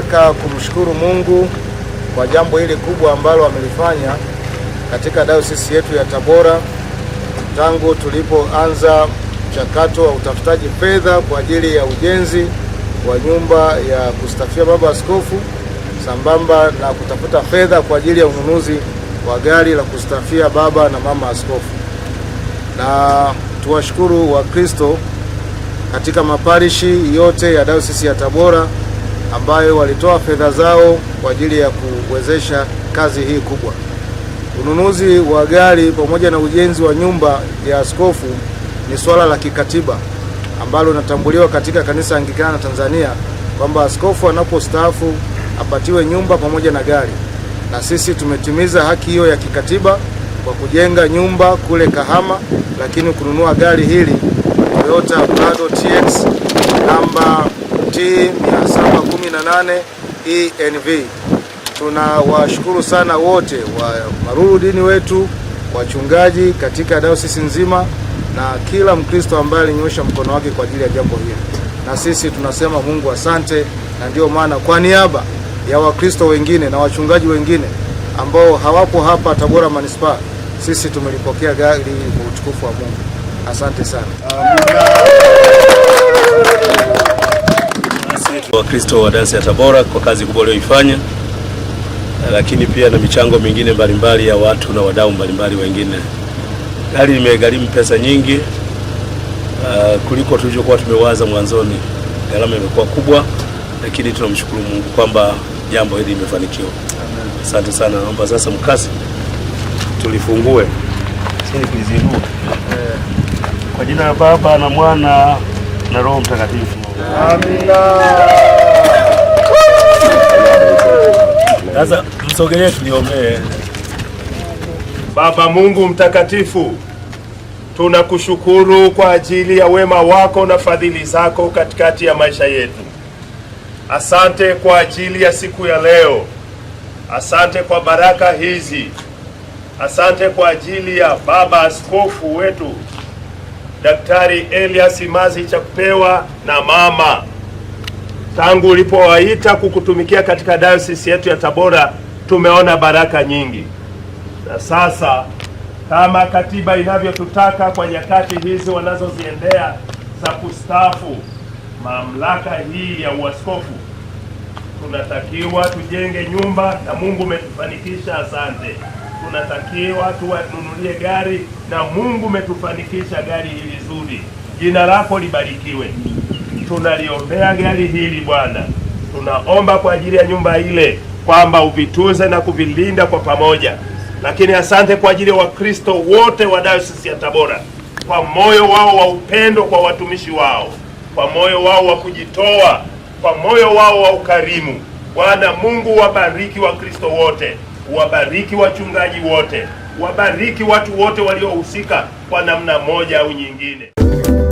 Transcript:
nataka kumshukuru Mungu kwa jambo hili kubwa ambalo amelifanya katika dayosisi yetu ya Tabora tangu tulipoanza mchakato wa utafutaji fedha kwa ajili ya ujenzi wa nyumba ya kustafia baba askofu sambamba na kutafuta fedha kwa ajili ya ununuzi wa gari la kustafia baba na mama askofu. Na tuwashukuru Wakristo katika maparishi yote ya dayosisi ya Tabora ambayo walitoa fedha zao kwa ajili ya kuwezesha kazi hii kubwa. Ununuzi wa gari pamoja na ujenzi wa nyumba ya askofu ni swala la kikatiba ambalo linatambuliwa katika kanisa Anglikana Tanzania kwamba askofu anapostaafu apatiwe nyumba pamoja na gari, na sisi tumetimiza haki hiyo ya kikatiba kwa kujenga nyumba kule Kahama, lakini kununua gari hili Toyota Prado TX namba ENV. E Tunawashukuru sana wote wa maruru dini wetu, wachungaji katika dayosisi nzima na kila Mkristo ambaye alinyosha mkono wake kwa ajili ya jambo hili, na sisi tunasema Mungu asante, na ndiyo maana kwa niaba ya Wakristo wengine na wachungaji wengine ambao hawapo hapa Tabora manispaa, sisi tumelipokea gari kwa utukufu wa Mungu. Asante sana. Amina. Wakristo wa Dansi ya Tabora kwa kazi kubwa aliyoifanya, lakini pia na michango mingine mbalimbali ya watu na wadau mbalimbali wengine. Gari limegharimu pesa nyingi uh, kuliko tulivyokuwa tumewaza mwanzoni. Gharama imekuwa kubwa, lakini tunamshukuru Mungu kwamba jambo hili limefanikiwa. Asante sana, naomba sasa mkasi tulifungue eh, kwa jina la Baba na Mwana na Roho Mtakatifu. Amina. Sasa msogelee Baba Mungu mtakatifu, tunakushukuru kwa ajili ya wema wako na fadhili zako katikati ya maisha yetu. Asante kwa ajili ya siku ya leo. Asante kwa baraka hizi. Asante kwa ajili ya baba askofu wetu Daktari Elias Mazi Chappewa na mama, tangu ulipowaita kukutumikia katika dayosisi yetu ya Tabora tumeona baraka nyingi, na sasa kama katiba inavyotutaka kwa nyakati hizi wanazoziendea za kustaafu mamlaka hii ya uaskofu tunatakiwa tujenge nyumba na Mungu umetufanikisha, asante. Tunatakiwa tuwanunulie gari na Mungu umetufanikisha gari hili zuri, jina lako libarikiwe. Tunaliombea gari hili Bwana, tunaomba kwa ajili ya nyumba ile kwamba uvitunze na kuvilinda kwa pamoja, lakini asante kwa ajili ya Wakristo wote wa Dayosisi ya Tabora kwa moyo wao wa upendo kwa watumishi wao, kwa moyo wao wa kujitoa kwa moyo wao wa ukarimu. Bwana Mungu wabariki Wakristo wote, wabariki wachungaji wote, wabariki watu wote waliohusika kwa namna moja au nyingine.